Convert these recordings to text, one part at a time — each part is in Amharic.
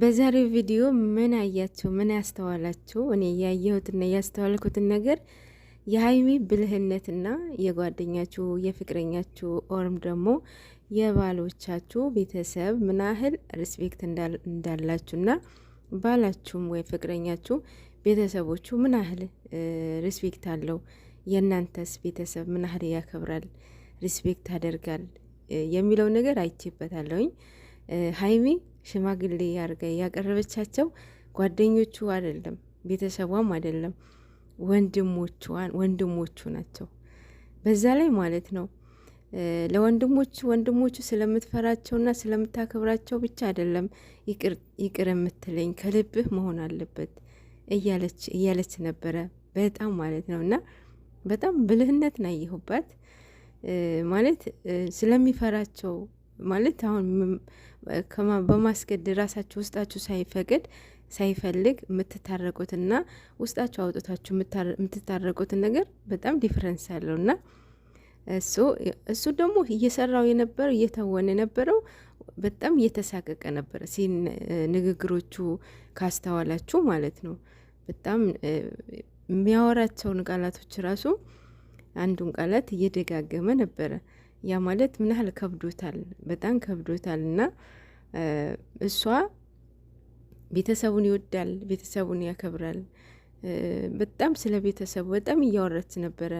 በዛሬው ቪዲዮ ምን አያችሁ? ምን ያስተዋላችሁ? እኔ ያየሁትና ያስተዋልኩትን ነገር የሀይሚ ብልህነትና የጓደኛችሁ የፍቅረኛችሁ ኦርም ደግሞ የባሎቻችሁ ቤተሰብ ምን ያህል ሪስፔክት እንዳላችሁና ባላችሁም ወይ ፍቅረኛችሁ ቤተሰቦቹ ምን ያህል ሪስፔክት አለው፣ የእናንተስ ቤተሰብ ምን ያህል ያከብራል፣ ሪስፔክት ያደርጋል የሚለው ነገር አይቼበታለሁኝ ሀይሚ ሽማግሌ አድርጋ ያቀረበቻቸው ጓደኞቹ አይደለም፣ ቤተሰቧም አይደለም፣ ወንድሞቹ ናቸው። በዛ ላይ ማለት ነው ለወንድሞቹ ወንድሞቹ ስለምትፈራቸውና ስለምታከብራቸው ብቻ አይደለም ይቅር የምትለኝ ከልብህ መሆን አለበት እያለች ነበረ። በጣም ማለት ነው እና በጣም ብልህነት ናየሁባት ማለት ስለሚፈራቸው ማለት አሁን በማስገድ ራሳችሁ ውስጣችሁ ሳይፈቅድ ሳይፈልግ የምትታረቁትና ውስጣችሁ አውጥታችሁ የምትታረቁትን ነገር በጣም ዲፍረንስ አለው እና እሱ እሱ ደግሞ እየሰራው የነበረው እየተወነ የነበረው በጣም እየተሳቀቀ ነበረ። ሲ ንግግሮቹ ካስተዋላችሁ ማለት ነው። በጣም የሚያወራቸውን ቃላቶች ራሱ አንዱን ቃላት እየደጋገመ ነበረ። ያ ማለት ምን ያህል ከብዶታል፣ በጣም ከብዶታል። እና እሷ ቤተሰቡን ይወዳል፣ ቤተሰቡን ያከብራል። በጣም ስለ ቤተሰቡ በጣም እያወራች ነበረ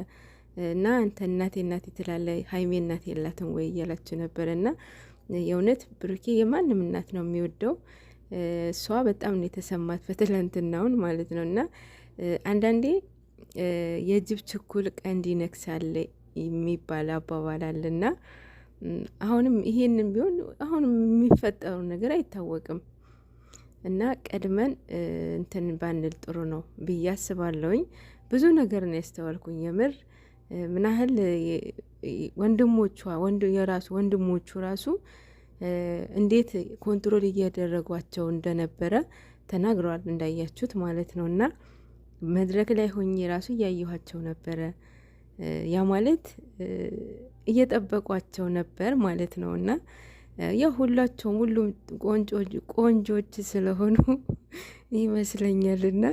እና አንተ እናቴ እናቴ ትላለ ሀይሜ እናቴ የላትን ወይ እያላችሁ ነበረ እና የእውነት ብሩኬ የማንም እናት ነው የሚወደው። እሷ በጣም ነው የተሰማት በትላንትናውን ማለት ነው። እና አንዳንዴ የጅብ ችኩል ቀንድ ይነክሳል። የሚባል አባባል አለና አሁንም ይሄንን ቢሆን አሁንም የሚፈጠሩ ነገር አይታወቅም እና ቀድመን እንትን ባንል ጥሩ ነው ብዬ አስባለሁኝ። ብዙ ነገር ነው ያስተዋልኩኝ። የምር ምን ያህል ወንድሞቿ የራሱ ወንድሞቹ ራሱ እንዴት ኮንትሮል እያደረጓቸው እንደነበረ ተናግረዋል። እንዳያችሁት ማለት ነው እና መድረክ ላይ ሆኜ ራሱ እያየኋቸው ነበረ። ያ ማለት እየጠበቋቸው ነበር ማለት ነው። እና ያው ሁላቸውም ሁሉም ቆንጆች ስለሆኑ ይመስለኛል። እና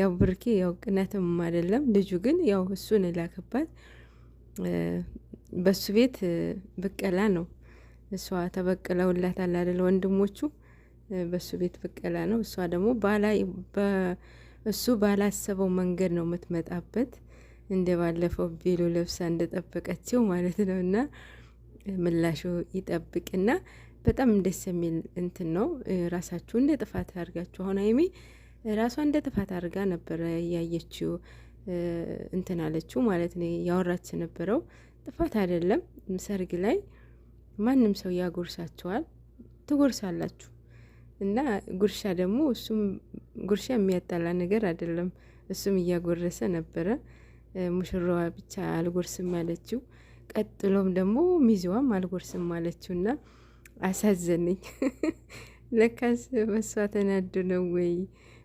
ያው ብርኬ ያው ቅናትም አይደለም ልጁ ግን ያው እሱን ላከባት በሱ ቤት ብቀላ ነው። እሷ ተበቅለውላታል አላደለ ወንድሞቹ በሱ ቤት ብቀላ ነው። እሷ ደግሞ ባላ እሱ ባላሰበው መንገድ ነው የምትመጣበት እንደ ባለፈው ቤሎ ለብሳ እንደጠበቀችው ማለት ነው። እና ምላሹ ይጠብቅና በጣም ደስ የሚል እንትን ነው። ራሳችሁ እንደ ጥፋት አድርጋችሁ አሁን ሀይሚ ራሷ እንደ ጥፋት አድርጋ ነበረ ያየችው እንትን አለችው ማለት ነው። ያወራች ነበረው ጥፋት አይደለም። ሰርግ ላይ ማንም ሰው ያጎርሳችኋል፣ ትጎርሳላችሁ እና ጉርሻ ደግሞ እሱም ጉርሻ የሚያጣላ ነገር አይደለም። እሱም እያጎረሰ ነበረ። ሙሽራዋ ብቻ አልጎርስም አለችው። ቀጥሎም ደግሞ ሚዜዋም አልጎርስም አለችው እና አሳዘነኝ። ለካስ በእሷ ተናዶ ነው ወይ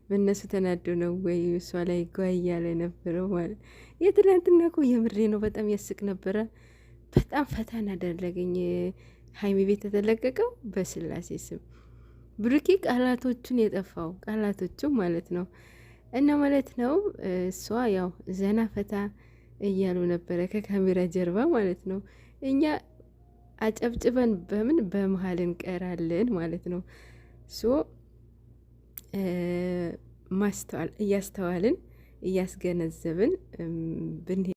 በእነሱ ተናዶ ነው ወይ እሷ ላይ ጓ እያለ ነበረው ማለት። የትናንትና እኮ የምሬ ነው በጣም ያስቅ ነበረ። በጣም ፈታን አደረገኝ። ሀይሚ ቤት የተለቀቀው በስላሴ ስም ብሩኬ ቃላቶቹን የጠፋው ቃላቶቹ ማለት ነው እና ማለት ነው እሷ ያው ዘና ፈታ እያሉ ነበረ ከካሜራ ጀርባ ማለት ነው። እኛ አጨብጭበን በምን በመሀል እንቀራለን ማለት ነው። ሶ ማስተዋል እያስተዋልን እያስገነዘብን ብን